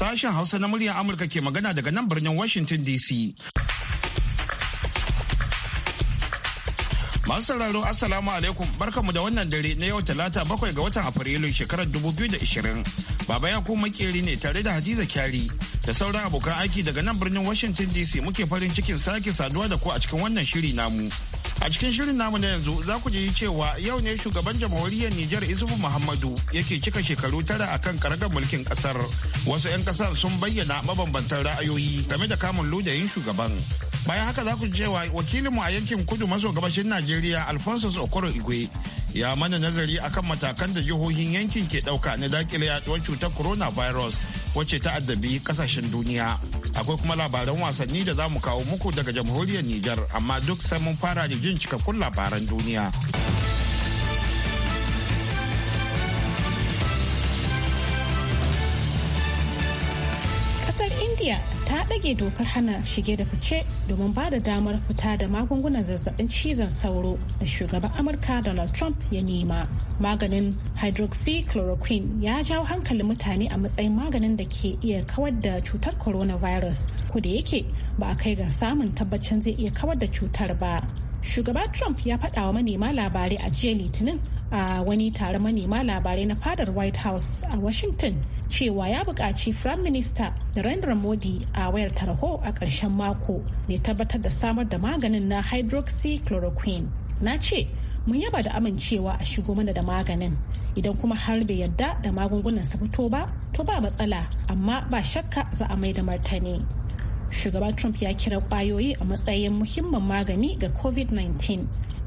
Sashen Hausa na muryar Amurka ke magana daga nan birnin Washington DC. Masu sauraro Assalamu alaikum barkamu da wannan dare na yau talata bakwai ga watan Afrilu shekarar 2020. Baba ya kuma makeri ne tare da Hadiza Kyari da sauran abokan aiki daga nan birnin Washington DC muke farin cikin sake saduwa da ku a cikin wannan shiri namu. A cikin shirin namu na yanzu za ku ji cewa yau ne shugaban jamhuriyar Nijar Isufu Muhammadu yake cika shekaru tara a kan karagar mulkin kasar. Wasu 'yan kasar sun bayyana mabambantan ra'ayoyi game da kamun ludayin shugaban. Bayan haka za ku ji cewa wakilinmu a yankin kudu maso gabashin Najeriya Alphonsus Okoro Igwe ya mana nazari akan matakan da jihohin yankin ke ɗauka na dakile yaduwar cutar coronavirus. virus wacce ta addabi kasashen duniya akwai kuma labaran wasanni da za mu kawo muku daga jamhuriyar Nijar amma duk sai mun fara da jin cikakkun labaran duniya. India ta ɗage dokar hana shige da fice domin ba da damar fita da magungunan zazzabin cizon sauro da shugaban Amurka Donald Trump ya nema. Maganin hydroxychloroquine ya jawo hankalin mutane a matsayin maganin da ke iya kawar da cutar coronavirus, ko da yake ba a kai ga samun tabbacin zai iya kawar da cutar ba. Shugaba Trump ya faɗa wa manema labarai a jiya Litinin a wani tare manema labarai na fadar white house a washington cewa ya buƙaci prime minister narendra modi a wayar tarho a ƙarshen mako ne tabbatar da samar da maganin na hydroxychloroquine na ce mun yaba da amincewa a shigo mana da maganin idan kuma har bai yadda da magungunan su fito ba to ba matsala amma ba shakka za a mai da martani Shugaban trump ya kira kwayoyi a matsayin muhimman magani ga covid-19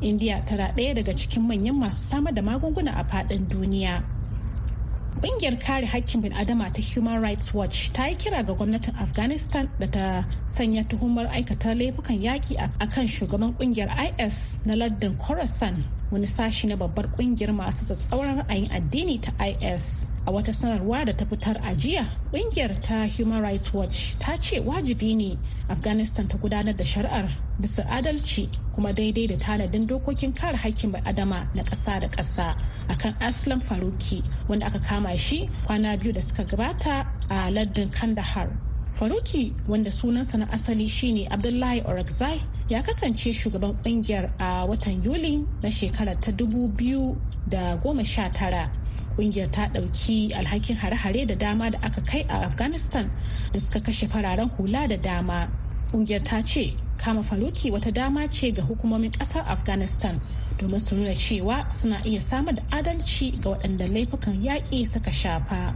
India tara ɗaya daga cikin manyan masu samar da magunguna a faɗin duniya. Ƙungiyar kare hakkin adama ta Human Rights Watch ta yi kira ga gwamnatin Afghanistan da ta sanya tuhumar aikata laifukan yaƙi a kan shugaban ƙungiyar IS na lardin Khorasan wani sashi na babbar kungiyar masu tsatsauran ra'ayin addini ta is a wata sanarwa da ta fitar a jiya kungiyar ta human rights watch ta ce wajibi ne afghanistan ta gudanar da shari'ar bisa adalci kuma daidai da tanadin dokokin kare haƙƙin adama na ƙasa da ƙasa kan aslam faruki wanda aka kama shi kwana biyu da suka gabata a lardin kandahar faruki wanda sunansa na asali shine abdullahi orakzai ya kasance shugaban kungiyar a watan yuli na shekarar ta 2019 kungiyar ta dauki alhakin hare-hare da dama da aka kai a afghanistan da suka kashe fararen hula da dama kungiyar ta ce kama faruki wata dama ce ga hukumomin kasar afghanistan domin su nuna cewa suna iya samar da adalci ga waɗanda laifukan yaƙi suka shafa.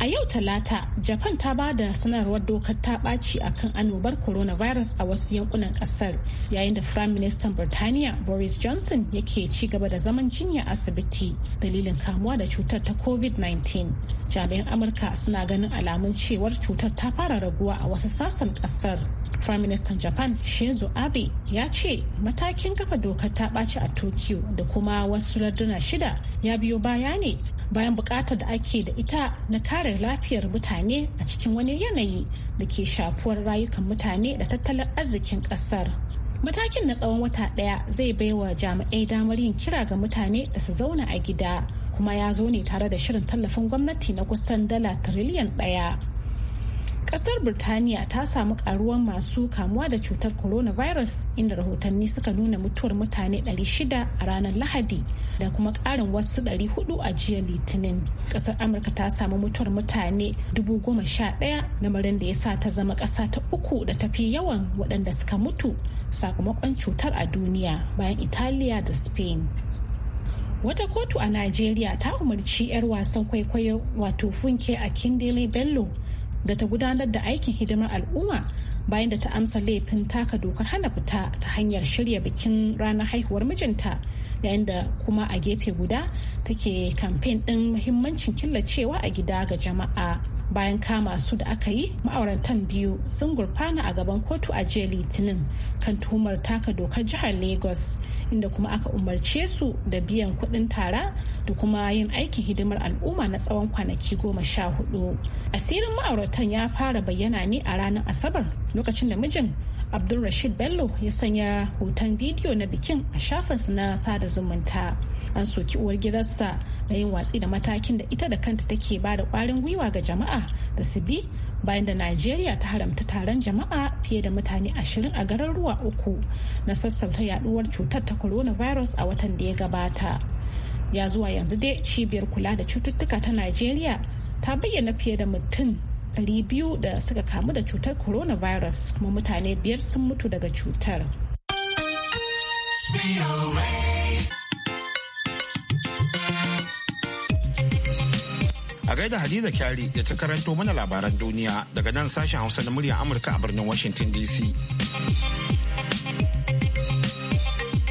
A yau Talata, Japan ta ba da sanarwar dokar ta ɓaci a kan annobar coronavirus a wasu yankunan ƙasar, yayin da Firayim Ministan Birtaniya Boris Johnson yake ci gaba da zaman jinya asibiti dalilin kamuwa da cutar ta COVID-19. Jami'an Amurka suna ganin alamun cewar cutar ta fara raguwa a wasu sassan ƙasar. Prime Minister Japan Shinzo Abe ya ce matakin kafa dokar ta ɓaci a Tokyo da kuma wasu larduna shida ya biyo baya ne bayan buƙatar da ake da ita na kare lafiyar mutane a cikin wani yanayi da ke shafuwar rayukan mutane da tattalin arzikin ƙasar. Matakin na tsawon wata ɗaya zai baiwa jami'ai damar yin kira ga mutane da su zauna a gida kuma ya zo ne tare da shirin tallafin gwamnati na kusan dala tiriliyan ɗaya. kasar birtaniya ta samu karuwan masu kamuwa da cutar coronavirus inda rahotanni suka nuna mutuwar mutane 600 a ranar lahadi da kuma karin wasu 400 a jiya litinin kasar amurka ta samu mutuwar mutane 11,000 lamarin da ya sa ta zama kasa ta uku da tafi yawan waɗanda suka mutu sakamakon cutar a duniya bayan italiya da spain wata kotu a najeriya ta umarci 'yar wasan kwaikwayo wato funke a kindele bello da ta gudanar da aikin hidimar al'umma bayan da ta amsa laifin taka dokar hana fita ta hanyar shirya bikin ranar haihuwar mijinta yayin da kuma a gefe guda take kamfen ɗin muhimmancin killacewa a gida ga jama'a bayan kama su da aka yi ma'auratan biyu sun gurfana a gaban kotu a jiya litinin kan tuhumar taka dokar jihar lagos inda kuma aka umarce su da biyan kuɗin tara da kuma yin aikin hidimar al'umma na tsawon kwanaki goma sha hudu asirin ma'auratan ya fara bayyana ne a ranar asabar lokacin da mijin abdulrashid bello ya sanya hoton bidiyo na bikin a shafinsa na sada zumunta an soki uwar gidansa Na yin watsi da matakin da ita da kanta take ba da kwarin gwiwa ga jama'a da su bi bayan da najeriya ta haramta taron jama'a fiye da mutane ashirin a garuruwa uku na sassauta yaduwar cutar ta coronavirus a watan da ya gabata ya zuwa yanzu dai cibiyar kula da cututtuka ta najeriya ta bayyana fiye da mutum biyu da suka kamu da cutar coronavirus kuma mutane biyar sun mutu daga cutar. A gaida Hadiza Kyari da ta karanto mana labaran duniya daga nan sashen Hausa na muryar Amurka a birnin Washington DC.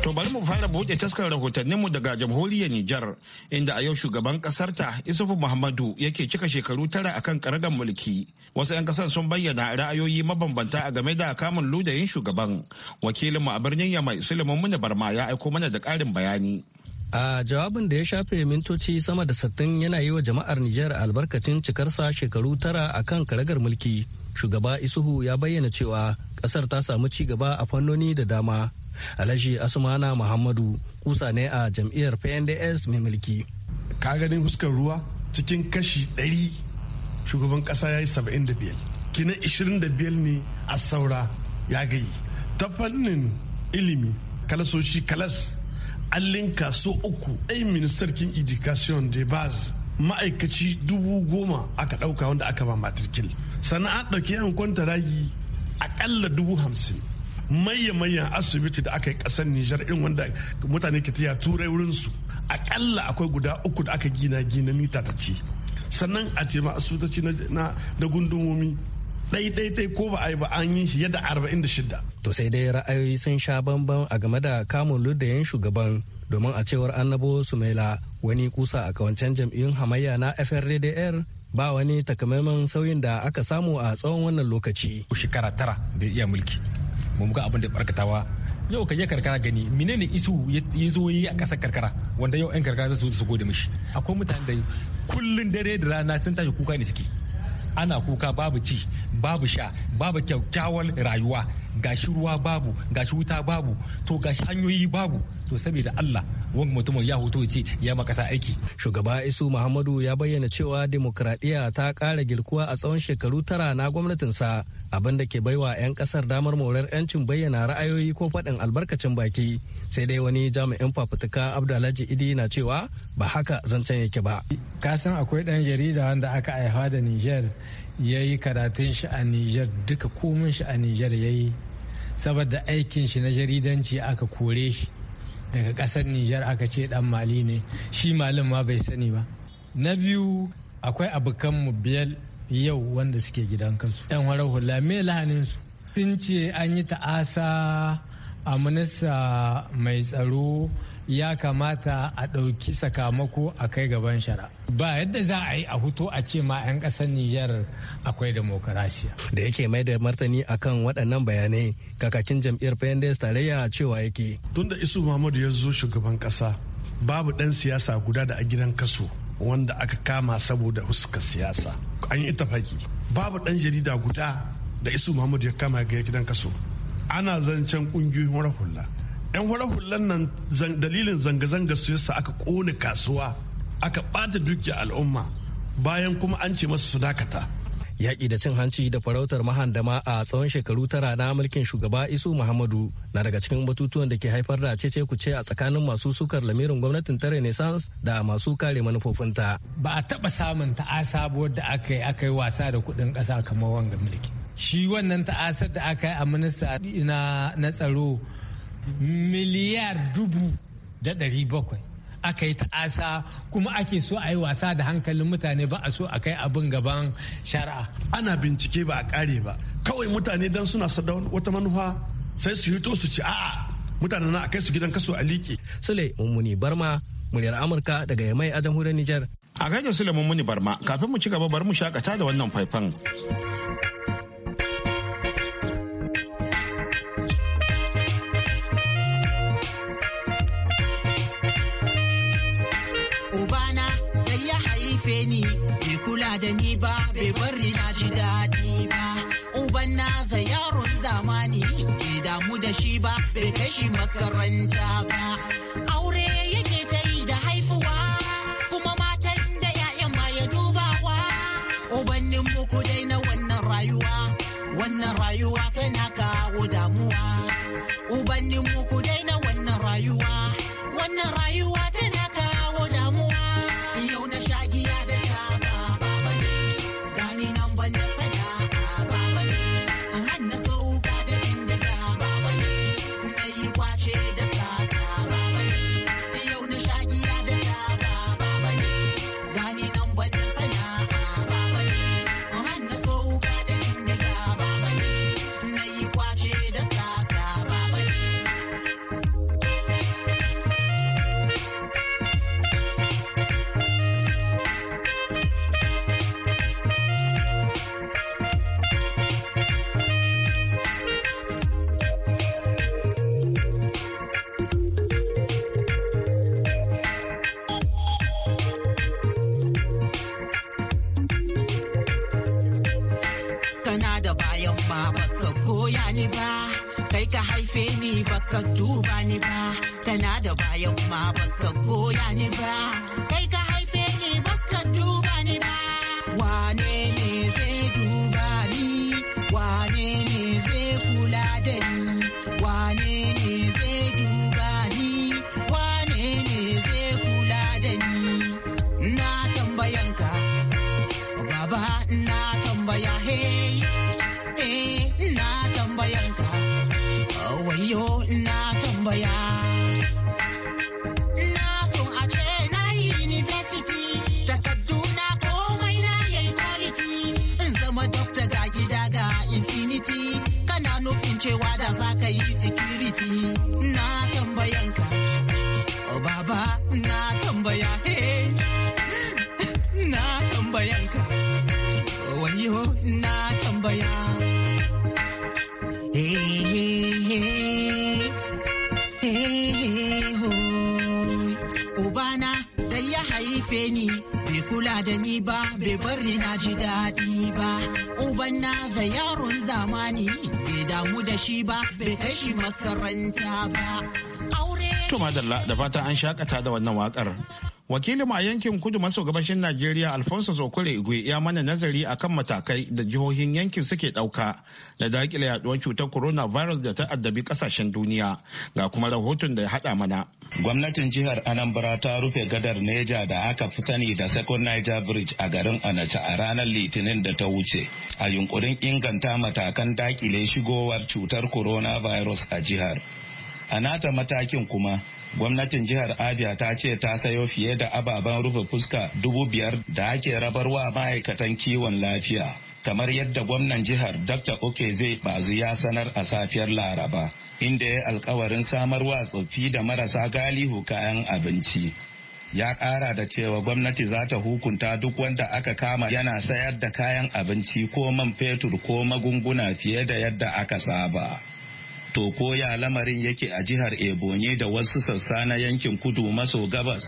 To bari mu fara buɗe taskar rahotanninmu daga jamhuriyar Nijar, inda a yau shugaban ƙasar ta Isufu Muhammadu yake cika shekaru tara akan karagar mulki. Wasu 'yan ƙasar sun bayyana ra'ayoyi mabambanta a game da kamun ludayin shugaban. Wakilinmu a birnin Yamai Suleiman Muna Barma ya aiko mana da ƙarin bayani. a jawabin da ya shafe mintoci sama da sattin yana yi wa jama'ar Nijar albarkacin cikarsa shekaru tara a kan karagar mulki shugaba isuhu ya bayyana cewa kasar ta samu ci gaba a fannoni da dama alhaji asumana muhammadu kusa ne a jam'iyyar pnds mai mulki ka ganin huskar ruwa cikin kashi 100 shugaban kasa ya yi 75 da 25 ne a saura ya gayi ta fannin ilimi kalasoshi kalas allin kaso uku uku ai sarkin education de baz ma'aikaci dubu goma aka ɗauka wanda aka ba matrikil sannan an ɗauki yan kwanta ragi aƙalla dubu hamsin mayya-mayyan asibiti da aka yi ƙasar nijar irin wanda mutane ke taya turai wurin su aƙalla akwai guda uku da aka gina gina mita ta ci sannan a ce ma asibitoci na gundumomi dai ko ba a yi ba an yi fiye da 46. To sai dai ra'ayoyi sun sha bamban a game da kamun ludayen shugaban domin a cewar annabo sumaila wani kusa a kawancen jam'iyyun hamayya na FRDDR ba wani takamaiman sauyin da aka samu a tsawon wannan lokaci. Shekara tara da iya mulki. Mu muka abin da barkatawa yau ka je karkara gani menene isu ya zo yi a ƙasar karkara wanda yau 'yan karkara za su zo gode mishi akwai mutane da kullum dare da rana sun tashi kuka ne suke ana kuka babu ci babu sha babu kyakkyawar rayuwa gashi ruwa babu gashi wuta babu to gashi hanyoyi babu to saboda Allah wani mutumin ya hoto ce ya makasa aiki. Shugaba Isu Muhammadu ya bayyana cewa demokradiyya ta ƙara girkuwa a tsawon shekaru tara na gwamnatinsa abin da ke baiwa 'yan kasar damar morar 'yancin bayyana ra'ayoyi ko faɗin albarkacin baki sai dai wani jami'in fafutuka abdullahi idi na cewa ba haka zancen yake ba kasan akwai ɗan jarida wanda aka haifa da niger ya yi karatun shi a niger duka komin shi a niger ya yi saboda aikin shi na jaridanci aka kore shi daga ƙasar niger aka ce ɗan mali ne shi malin ma bai sani ba na biyu akwai abokanmu biyar yau wanda suke gidan kansu. yan warar hula me lahanin su sun ce an yi ta'asa a minista mai tsaro ya kamata a ɗauki sakamako a kai gaban shara ba yadda za a yi a huto a ce ma 'yan ƙasar nijar akwai demokarasiya da yake mai da martani akan waɗannan bayanai kakakin jam'iyyar ya tarayya cewa yake Tunda isu muhammadu ya zo shugaban ƙasa babu ɗan siyasa guda da a gidan kaso wanda aka kama saboda huska siyasa an yi tafaki babu dan jarida guda da isu muhammadu ya kama ga gidan kaso ana zancen kungiyoyin wara hula yan wara hulan nan dalilin zanga-zanga su yasa aka kone kasuwa aka ɓata dukiya al'umma bayan kuma an ce masu su dakata yaƙi da cin hanci da farautar mahandama a tsawon shekaru tara na mulkin shugaba isu muhammadu na daga cikin batutuwan da ke haifar da cece kuce a tsakanin masu sukar lamirin gwamnatin ta renaissance da masu kare manufofinta ba a taɓa samun ta'asa da aka yi aka yi wasa da kuɗin ƙasa kamar wanga mulki shi wannan ta'asar da aka yi a minista na tsaro miliyar dubu da ɗari bakwai aka yi ta'asa kuma ake so a yi wasa da hankalin mutane ba a so a kai abin gaban shari'a ana bincike ba a kare ba kawai mutane dan suna sadau wata manufa sai su hito su ci a'a mutane na a kai su gidan kaso a liƙe sule mummuni barma muryar amurka daga yamai a jamhuriyar Nijar. a gaida sule mummuni barma kafin mu ci gaba bari mu shakata da wannan faifan bai kashi makaranta ba aure yake ta yi da haifuwa kuma matan da ya'yan ma ya dubawa ubannin muku dai na wannan rayuwa wannan rayuwa tana kawo damuwa ubannin muku dai na wannan rayuwa wannan rayuwa da bayan ma baka koya ni ba kai Ubana da ya haife ni bai kula da ni ba bai bar ni na ji daɗi ba. Uban na za yaron zamani bai damu da shi ba bai kai shi makaranta ba. Aure. To madalla da fata an shakata da wannan wakar. wakilin a yankin kudu maso gabashin najeriya alfonso sokore igwe ya mana nazari akan matakai da jihohin yankin suke dauka da dakile yaduwar cutar Corona Virus da ta addabi kasashen duniya ga kuma rahoton da ya hada mana gwamnatin jihar anambra ta rufe gadar neja da aka fi sani da second niger bridge a garin anace a ranar litinin da ta wuce a yunkurin inganta matakan dakile shigowar cutar Corona Virus a jihar a nata matakin kuma gwamnatin jihar abia ta ce ta sayo fiye da ababen rufe fuska dubu biyar da ake rabarwa ma'aikatan kiwon lafiya kamar yadda gwamnan jihar dr oke zai bazu ya sanar a safiyar laraba inda ya alkawarin samarwa tsoffi da marasa galihu kayan abinci ya kara da cewa gwamnati za ta hukunta duk wanda aka kama yana sayar da kayan abinci ko man fetur ko magunguna fiye da yadda aka saba. To ko ya lamarin yake a jihar Ebonyi da wasu sassa na yankin kudu maso gabas?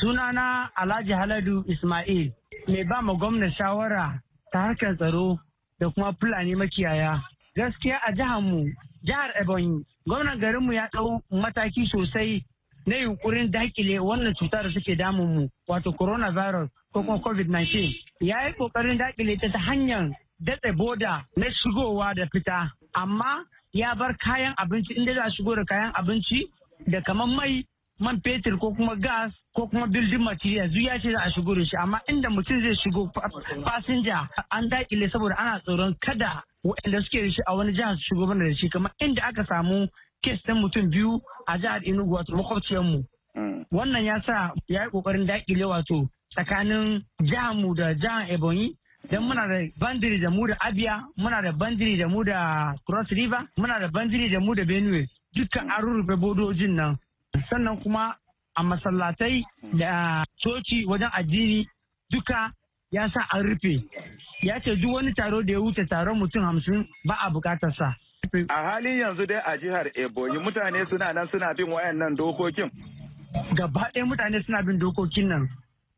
Sunana Alhaji Haladu Ismail, mai ba ma gwamna shawara ta harkar tsaro da kuma Fulani makiyaya. Gaskiya a jiharmu, jihar Ebonyi, gwamnan garinmu ya ɗau mataki sosai na yunkurin dakile wannan cutar da suke mu wato coronavirus ko kuma COVID-19. Ya yi ƙoƙarin dakile ta hanyar datse boda na shigowa da fita. Amma ya bar kayan abinci inda za a shigo da kayan abinci da kamar mai man fetur ko kuma gas ko kuma building materials zuya ya ce za a shigo da shi amma inda mutum zai shigo fasinja an daƙile saboda ana tsoron kada waɗanda suke da shi a wani jihar su shigo mana da shi kamar inda aka samu kes ɗin mutum biyu a jihar Enugu wato makwabciyarmu. Mm. Wannan ya sa ya yi ƙoƙarin daƙile wato tsakanin jihar mu da jihar Ebonyi don muna da bandiri da mu da abia muna da bandiri da mu da cross river muna da bandiri da mu da benue dukkan an rurrufe bodojin nan sannan kuma a masallatai da coci wajen addini duka ya sa an rufe ya ce duk wani taro da ya wuce taron mutum hamsin ba a sa. a halin yanzu dai a jihar ebonyi mutane suna nan suna bin wayannan dokokin gaba ɗaya mutane suna bin dokokin nan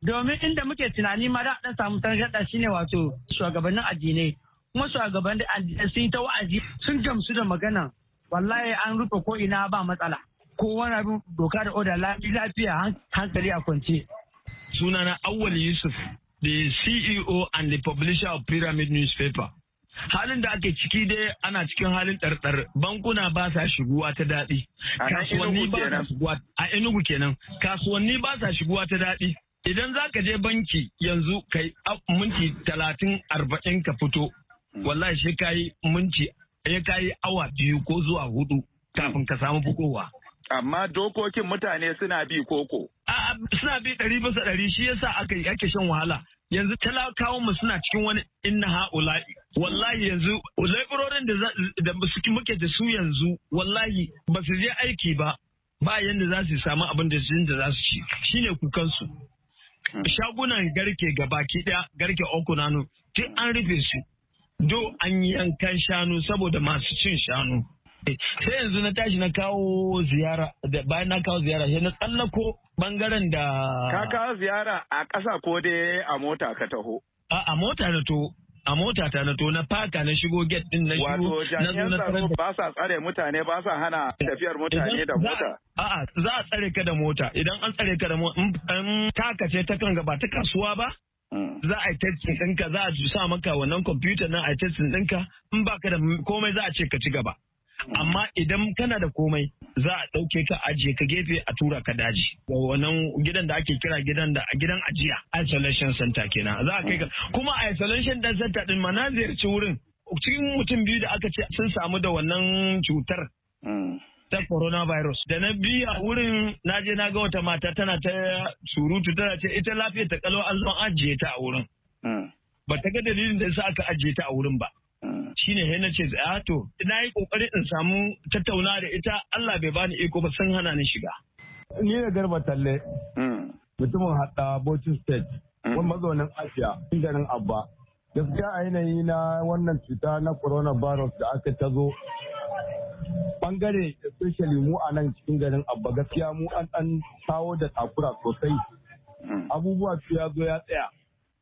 domin inda muke tunani ma da dan samu tangarda shine wato shugabannin addinai kuma shugabannin addinai sun yi ta wa'azi sun gamsu da magana wallahi an rufe ko ina ba matsala ko wani abin doka da oda lafiya hankali a kwance sunana awwal yusuf the ceo and the publisher of pyramid newspaper halin da ake ciki dai ana cikin halin ɗarɗar bankuna ba sa shiguwa ta daɗi a enugu kenan kasuwanni ba sa shiguwa ta daɗi Idan za ka je banki yanzu ka yi minti talatin arba'in ka fito, hmm. wallahi shi ka yi minti ya ka yi awa biyu ko zuwa hudu kafin ka samu bukowa. Amma dokokin mutane suna bi koko. A suna bi ɗari bisa ɗari shi yasa aka yi ake shan wahala. yanzu talakawan mu suna cikin wani inna ha'ula'i wallahi yanzu laifurorin da suke muke da su yanzu wallahi ba su je aiki ba ba yanda za su samu abin da da za su ci ne kukansu Hmm. shagunan garke gabaki daya garke okunanu duk an rufe su do an yankan shanu saboda masu cin shanu sai yanzu na tashi na kawo ziyara da bayan na kawo ziyara sai na tsallako bangaren da ka kawo ziyara a ƙasa ko dai a mota ka taho a mota na to a mota ta na to na faka na shigo get din na shigo na zo na tsare ba sa tsare mutane ba sa hana tafiyar mutane da mota a'a za a tsare ka da mota idan an tsare ka da mota in taka ce ta kan gaba ta kasuwa ba hmm. za a yi testin ɗinka za a sa maka wannan computer nan a yi testin ɗinka in baka da komai za a ce ka ci gaba amma idan kana da komai za a ɗauke ka ajiye ka gefe a tura ka daji wannan gidan da ake kira gidan da gidan ajiya isolation center kenan za a kai ka kuma isolation dan center din ma na ziyarci wurin cikin mutum biyu da aka ce sun samu da wannan cutar ta coronavirus da na biya wurin na je na ga wata mata tana ta surutu tana ce ita lafiya ta kalo an zo ajiye ta a wurin hmm. ba ta ga dalilin da yasa aka ajiye ta a wurin ba Shi ne na ce a ah, to na yi kokari in samu tattauna da ita Allah bai bani iko ba sun hana ni shiga ni da garba talle hmm. mutumin hada Bauchi state wani hmm. mazaunin Asiya garin Abba gaskiya a yanayi na wannan cuta na virus da aka ta zo bangare especially mu a nan cikin garin abba gaskiya mu an dan kawo da takura sosai hmm. abubuwa su ya zo ya tsaya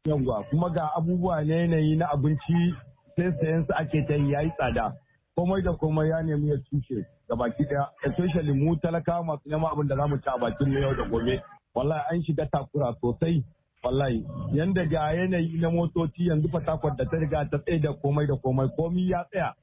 yawwa kuma ga abubuwa na yanayi na abinci sai sayan su ake ta ya yi tsada komai da komai ya nemi ya tushe ga baki daya especially mu talaka masu neman abin da za mu ci a bakin mu yau da gobe wallahi an shiga takura sosai wallahi yanda ga yanayi na motoci yanzu fatakwar da ta riga ta tsaye da komai da komai komi ya tsaya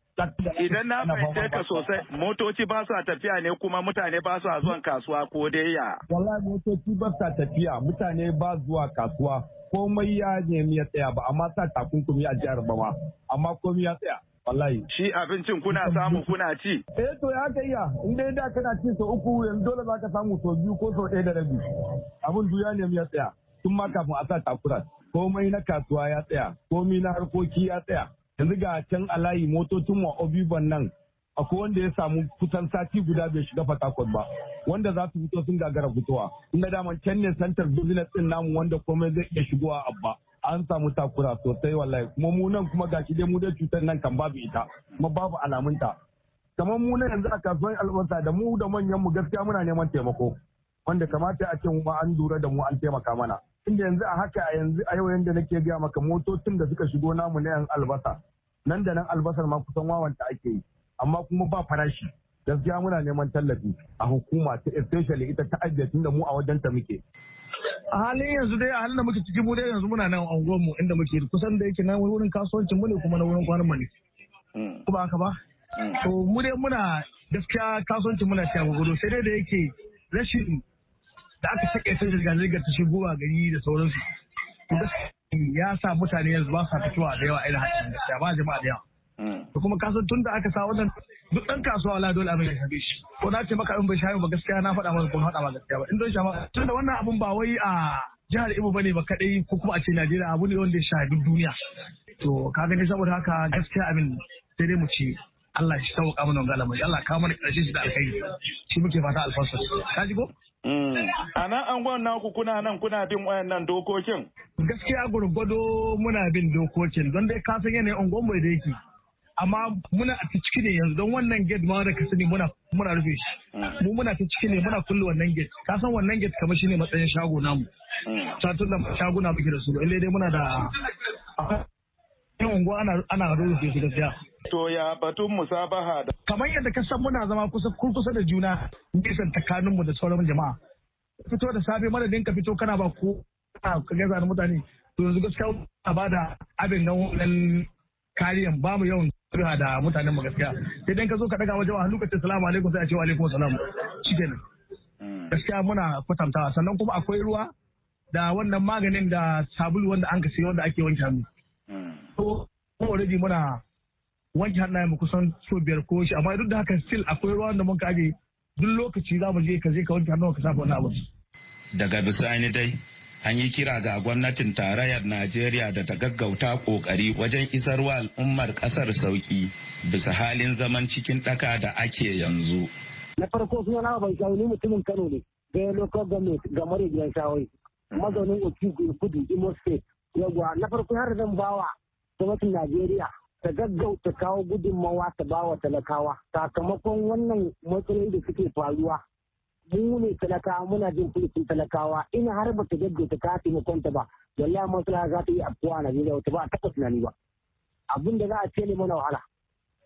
Idan na fahimce ka sosai motoci ba sa tafiya ne kuma mutane ba sa zuwan kasuwa ko dai ya. Wallahi motoci ba sa tafiya mutane ba zuwa kasuwa komai ya nemi ya tsaya ba amma sa takunkumi a jihar Bama amma komai ya tsaya wallahi shi abincin kuna samu kuna ci eh to ya kai ya in dai da kana ci sau uku yanzu dole ka samu sau biyu ko sau ɗaya da rabi abin duya ne ya tsaya tun ma kafin a sa takura komai na kasuwa ya tsaya komai na harkoki ya tsaya yanzu ga can alayi motocin wa obiban nan akwai wanda ya samu kusan sati guda bai shiga fatakot ba wanda za su fito sun gagara fitowa inda daman can ne santar business din namu wanda komai zai iya shigowa abba an samu takura sosai wallahi kuma mu nan kuma gashi dai mu dai cutar nan kan babu ita kuma babu alamunta kamar mu nan yanzu a kasuwar albasa da mu da manyan mu gaskiya muna neman taimako wanda kamata a ce mu an lura da mu an taimaka mana inda yanzu a haka a yanzu a yau yanda nake gaya maka motocin da suka shigo namu na yan albasa nan da nan albasar ma kusan wawanta ake yi amma kuma ba farashi gaskiya muna neman tallafi a hukuma ta especially ita ta ajiye da mu a wajen ta muke a halin yanzu dai a halin da muke ciki mu dai yanzu muna nan unguwar mu inda muke kusan da yake na wurin kasuwancin mu ne kuma na wurin kwanan mu hmm. ko ba haka ba hmm. to mu dai muna gaskiya kasuwancin muna cewa gudu sai dai da yake rashin da aka sake sun zirga zirga ta shigo a gari da sauransu ya sa mutane yanzu ba sa fitowa da yawa irin hakan gaskiya ba jama'a da yawa da mm. kuma kasan tun da aka sa wannan duk ɗan kasuwa wala dole abin ya shafe shi ko na ce maka in bai shafe ba gaskiya na faɗa maka ko na faɗa ma gaskiya ba in don shama tun da wannan abun ba wai a jihar Ibo bane ba kadai ko kuma a ce Najeriya abu ne wanda ya shafi duniya to ka gani saboda haka gaskiya abin sai dai mu ce Allah shi sauka mana wannan al'amari Allah ka mana ƙarshen shi da alkhairi shi muke fata alfarsa ka ji ko mm. A nan an gwan ku kuna nan kuna bin wayannan dokokin? Gaskiya gurgwado muna bin dokokin don dai ka san yanayin unguwan mai da yake. amma muna a ciki ne yanzu don wannan gate ma da ka sani muna muna rufe shi hmm. mu muna ta ciki ne muna kulle wannan gate ka san wannan gate kamar shine matsayin shago namu satun hmm. da shaguna muke da su lalle dai muna da yan unguwa ana ana rufe shi gaskiya to ya batun musabaha da kamar yadda ka san muna zama kusa kusa da juna nisan takanin mu da sauran jama'a fito da safe madadin ka fito kana ba ko ka gaza mutane to yanzu gaskiya ba da abin nan kariyan ba mu yawan sulha da mutanen mu gaskiya sai dan ka zo ka daga wajen hannu ka salamu alaikum sai a ce wa alaikum salam ne hmm. gaskiya muna kwatantawa sannan kuma akwai ruwa da wannan maganin da sabulu wanda an kasi wanda ake wanke hannu to hmm. already muna wanke hannayen mu kusan so biyar ko shi amma duk da haka still akwai ruwa wanda mun kage duk lokaci za mu je ka je ka wanke hannu ka safa wani abu daga bisani dai an yi kira ga gwamnatin tarayyar najeriya da ta gaggauta kokari wajen isarwa al'ummar kasar sauki bisa halin zaman cikin daka da ake yanzu na farko suna bai ni mutumin kano ne da local government ga mara gidan shawai mazaunin okigu kudu imo state yawwa na farko har zan bawa gwamnatin najeriya ta gaggauta kawo gudunmawa ta bawa talakawa sakamakon wannan matsaloli da suke faruwa mu ne talakawa muna jin kulicin talakawa Ina har ba ta gaggauta ka taimakon kwanta ba wallahi masala za ta yi afuwa a Najeriya wata ba a taɓa tunani ba abin da za a ce ne mana wahala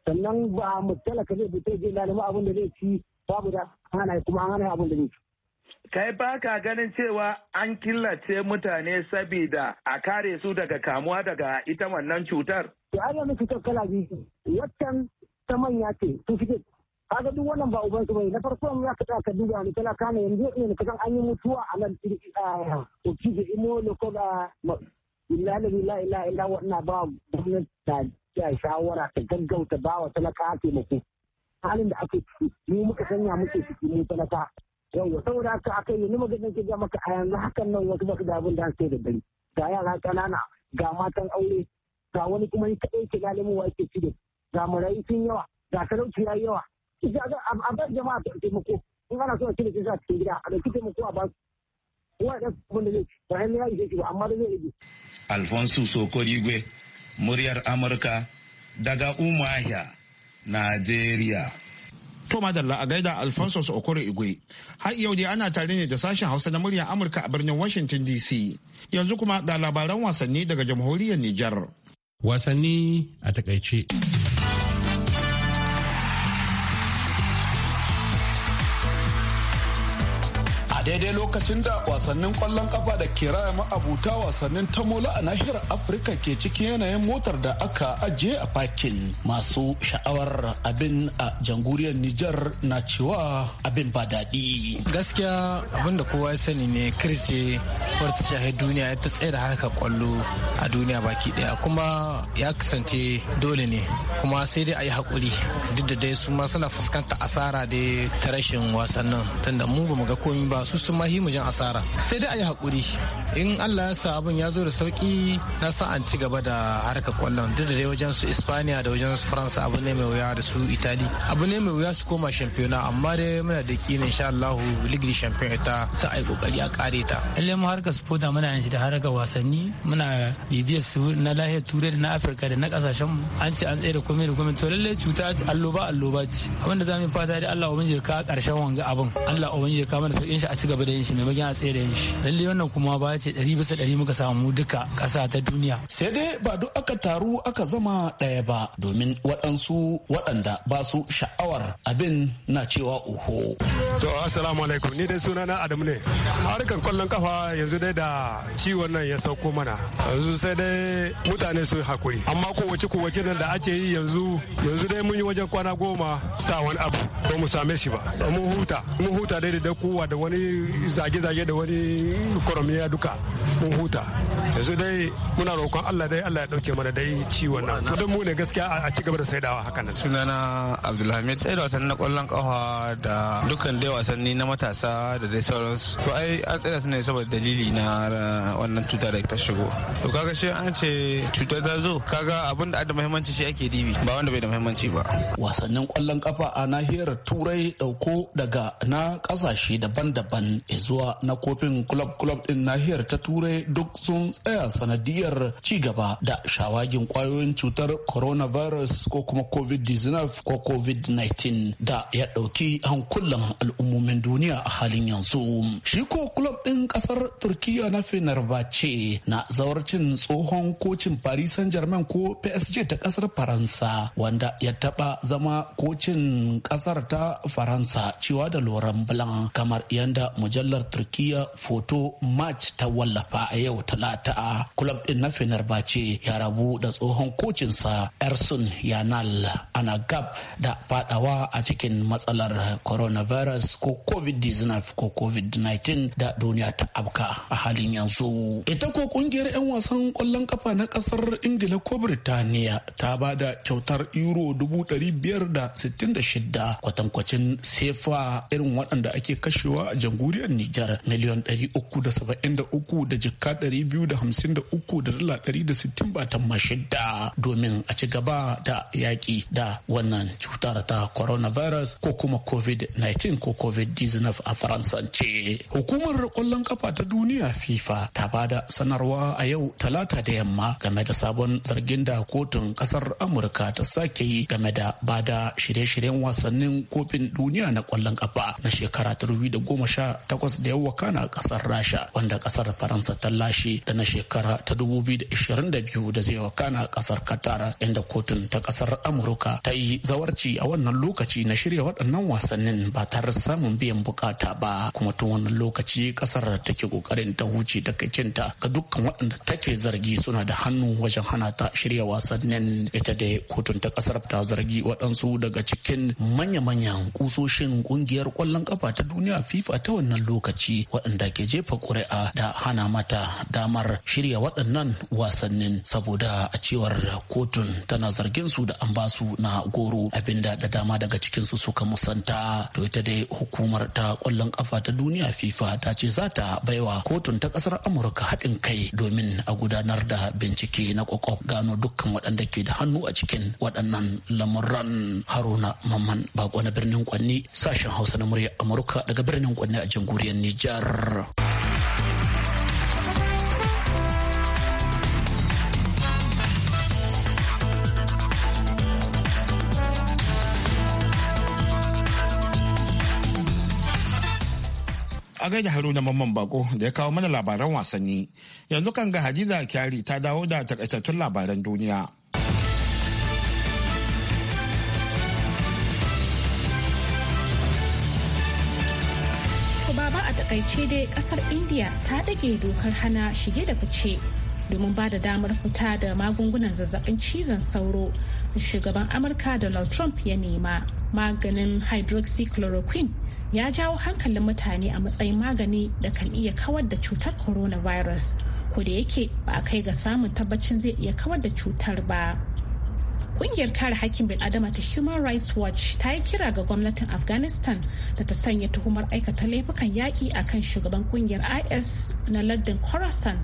sannan ba mu talaka zai fita zai lalima abin da zai ci babu da hana kuma an hana abin da zai ci. Kai ba ka ganin cewa an killace mutane saboda a kare su daga kamuwa daga ita wannan cutar? Da an yanzu cutar kala biyu, waccan ta manya ce, su suke kaga duk wannan ba ubansu bane na farko ya ka ka duba ni talaka kana yanzu ne ka san an yi mutuwa a nan eh, eh, ko kije imo ne ko da illa la illa illa wannan ba gwamnati ta ya shawara ta gaggauta ba wa talaka taimako halin da ake ciki mu muka sanya muke ciki mu talaka yawwa saboda haka aka yi ni maganin ke ga maka a yanzu hakan nan wasu basu da abin da sai da dare ga yara kanana ga matan aure ga wani kuma ni kaɗai ke lalimin wa ake ga marayu sun yawa ga talauci yayi yawa a bar jama'a in ana so a cire cikin gida a ɗauki taimako a basu kowa ya alfonso sokorigwe muryar amurka daga umahia nigeria. To madalla a gaida Alfonso Okoro Igwe. Har yau dai ana tare ne da sashen Hausa na muryar Amurka a birnin Washington DC. Yanzu kuma ga labaran wasanni daga jamhuriyar Nijar. Wasanni a takaice. daidai lokacin da wasannin kwallon kafa da ke raya ma'abuta wasannin tamola a nahiyar afirka ke cikin yanayin motar da aka ajiye a fakin masu sha'awar abin a janguriyar nijar na cewa abin ba daɗi gaskiya abin da kowa ya sani ne kirce wata shahe duniya ta tsaye da harkar kwallo a duniya baki daya kuma ya kasance dole ne kuma sai dai a yi haƙuri duk da dai su ma suna fuskantar asara da ta rashin wasannin tunda mu ba mu ga komi ba su su sun mahi asara sai dai a yi hakuri in Allah ya sa abin ya zo da sauki na sa an ci gaba da harkar kwallon duk da dai wajen su ispaniya da wajen su Faransa abu ne mai wuya da su Itali abu ne mai wuya su koma shampiyona amma dai muna da kina insha allahu ligri shampiyona ta sa yi kokari a kare ta lalle mu harkar spota muna yanci da harkar wasanni muna bibiyar su na lahiyar turai da na Afirka da na kasashen mu an ce an tsaye da komai da komai to lalle cuta alloba alloba ce abinda yi fata da Allah ubangiji ka karshen wanga abin Allah ubangiji ka mana sauƙin shi a cikin gaba da yin shi maimakon a tsere da yin shi lalle wannan kuma ba ce ɗari bisa ɗari muka samu duka ƙasa ta duniya sai dai ba duk aka taru aka zama ɗaya ba domin waɗansu waɗanda ba su sha'awar abin na cewa oho to assalamu alaikum ni dai sunana adamu ne harkan kwallon kafa yanzu dai da ciwon nan ya sauko mana yanzu sai dai mutane sun hakuri amma ko kowace ko nan da ake yi yanzu yanzu dai mun yi wajen kwana goma sa wani abu ba mu same shi ba mu huta mu huta dai da kowa da wani zage-zage da wani koromiya duka mun huta yanzu dai muna roƙon allah dai allah ya ɗauke mana dai ciwon nan su mu ne gaskiya a ci gaba da saidawa haka nan sunana abdulhamid sai da wasan na ƙwallon ƙafa da dukkan dai wasanni na matasa da dai sauransu to ai an tsaya su ne saboda dalili na wannan cuta da ta shigo to kaga shi an ce cutar ta zo kaga abin da da muhimmanci shi ake dibi ba wanda bai da muhimmanci ba wasannin ƙwallon ƙafa a nahiyar turai ɗauko daga na ƙasashe daban-daban zaben zuwa na kofin club club din nahiyar ta turai duk sun tsaya sanadiyar ci gaba da shawagin kwayoyin cutar coronavirus ko kuma covid-19 ko covid-19 da ya ɗauki hankulan al'ummomin duniya a halin yanzu shi ko club din kasar turkiya na fenerbahce na zawarcin tsohon kocin paris saint germain ko psg ta kasar faransa wanda ya taba zama kocin kasar ta faransa cewa da loran blanc kamar yanda mujallar turkiya foto match ta wallafa a yau talata a club din na fenerbahce ya rabu da tsohon kocinsa ersun yanal ana gab da fadawa a cikin matsalar coronavirus ko covid-19 ko covid-19 da duniya ta abka a halin yanzu ita ko kungiyar 'yan wasan kwallon kafa na kasar ingila ko birtaniya ta ba da kyautar euro 566 kwatankwacin sefa irin waɗanda ake kashewa a jamhuriyar Nijar miliyan 373 da jikka 253 da dala 160 batan mashidda domin a ci gaba da yaƙi da wannan cutar ta coronavirus ko kuma covid-19 ko covid-19 a faransance. Hukumar ƙwallon kafa ta duniya FIFA ta bada sanarwa a yau talata da yamma game da sabon zargin da kotun ƙasar Amurka ta sake yi game da bada shirye-shiryen wasannin kofin duniya na ƙwallon kafa na shekara ta takwas da yawa kana kasar rasha wanda kasar faransa ta lashe da na shekara ta dubu biyu da ishirin da biyu da zai wakana kasar qatar inda kotun ta kasar amurka ta yi zawarci a wannan lokaci na shirya waɗannan wasannin ba tare samun biyan bukata ba kuma tun wannan lokaci kasar ke kokarin ta huce kacinta ga dukkan waɗanda take zargi suna da hannu wajen hana ta shirya wasannin ita da kotun ta kasar ta zargi waɗansu daga cikin manya-manyan kusoshin kungiyar ƙwallon ƙafa ta duniya fifa ta wannan lokaci waɗanda ke jefa ƙuri'a da hana mata damar shirya waɗannan wasannin saboda a cewar kotun tana zargin su da an ba su na goro abinda da dama daga cikin su suka musanta to ita dai hukumar ta ƙwallon ƙafa ta duniya fifa ta ce za ta baiwa kotun ta ƙasar amurka haɗin kai domin a gudanar da bincike na kwakwaf gano dukkan waɗanda ke da hannu a cikin waɗannan lamuran haruna mamman bako na birnin kwanni sashen hausa na murya amurka daga birnin kwanni a a jamhuriyar Nijar. a gaida haruna mamman bako da ya kawo mana labaran wasanni yanzu kan ga hadiza kyari ta dawo da takaitattun labaran duniya takaice dai kasar india ta dage dokar hana shige da fice domin ba da damar fita da magungunan zazzabin cizon sauro da shugaban amurka donald trump ya nema maganin hydroxychloroquine ya jawo hankalin mutane a matsayin magani da kan iya kawar da cutar coronavirus ko da yake ba a kai ga samun tabbacin zai iya kawar da cutar ba Kungiyar kare hakkin adama ta Human Rights Watch ta yi kira ga gwamnatin Afghanistan da ta sanya tuhumar aikata laifukan yaƙi a kan shugaban kungiyar IS na lardin Khorasan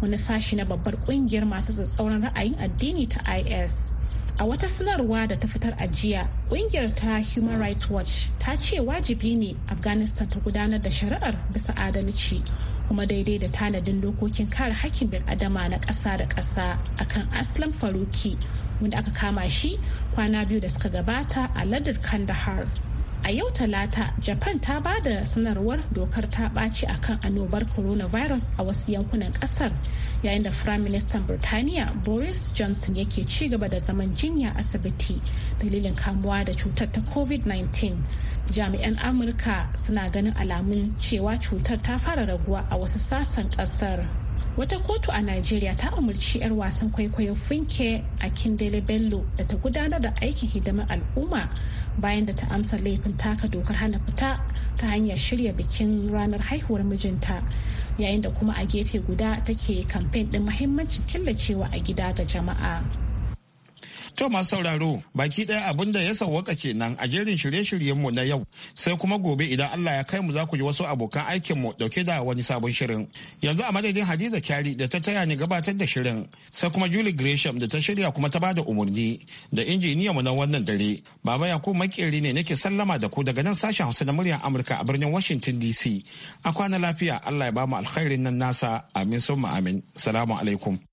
wani sashi na babbar kungiyar masu tsatsauran ra'ayin addini ta IS. A wata sanarwa da ta fitar a jiya, kungiyar ta Human Rights Watch ta ce wajibi ne Afghanistan ta gudanar da shari'ar bisa adalci kuma daidai da tanadin dokokin kare hakkin adama na ƙasa da ƙasa akan aslam faruki wanda aka kama shi kwana biyu da suka gabata a ladar kandahar a yau talata japan ta ba da sanarwar dokar ta ɓaci akan annobar coronavirus a wasu yankunan ƙasar yayin da firayim ministan birtaniya boris johnson yake ci gaba da zaman jinya asibiti dalilin kamuwa da cutar ta covid-19 jami'an amurka suna ganin alamun cewa cutar ta fara raguwa a wasu sassan ƙasar wata kotu a najeriya ta umarci 'yar wasan kwaikwayon funke a kindele bello da ta gudanar da aikin hidimar al'umma bayan da ta amsa laifin taka dokar hana fita ta hanyar shirya bikin ranar haihuwar mijinta yayin da kuma a gefe guda take kamfen din muhimmancin killacewa a gida ga jama'a To masu sauraro baki ɗaya abin da ya sauwaka kenan a jerin shirye-shiryenmu na yau sai kuma gobe idan Allah ya kai mu za ku ji wasu abokan aikinmu dauke da wani sabon shirin. Yanzu a madadin Hadiza Kyari da ta taya ni gabatar da shirin sai kuma Julie Gresham da ta shirya kuma ta bada umarni da injiniya mu na wannan dare. Baba Yakubu Makeri ne nake sallama da ku daga nan sashen Hausa na muryar Amurka a birnin Washington DC. A kwana lafiya Allah ya ba mu alkhairin nan nasa amin summa amin. Salamu alaikum.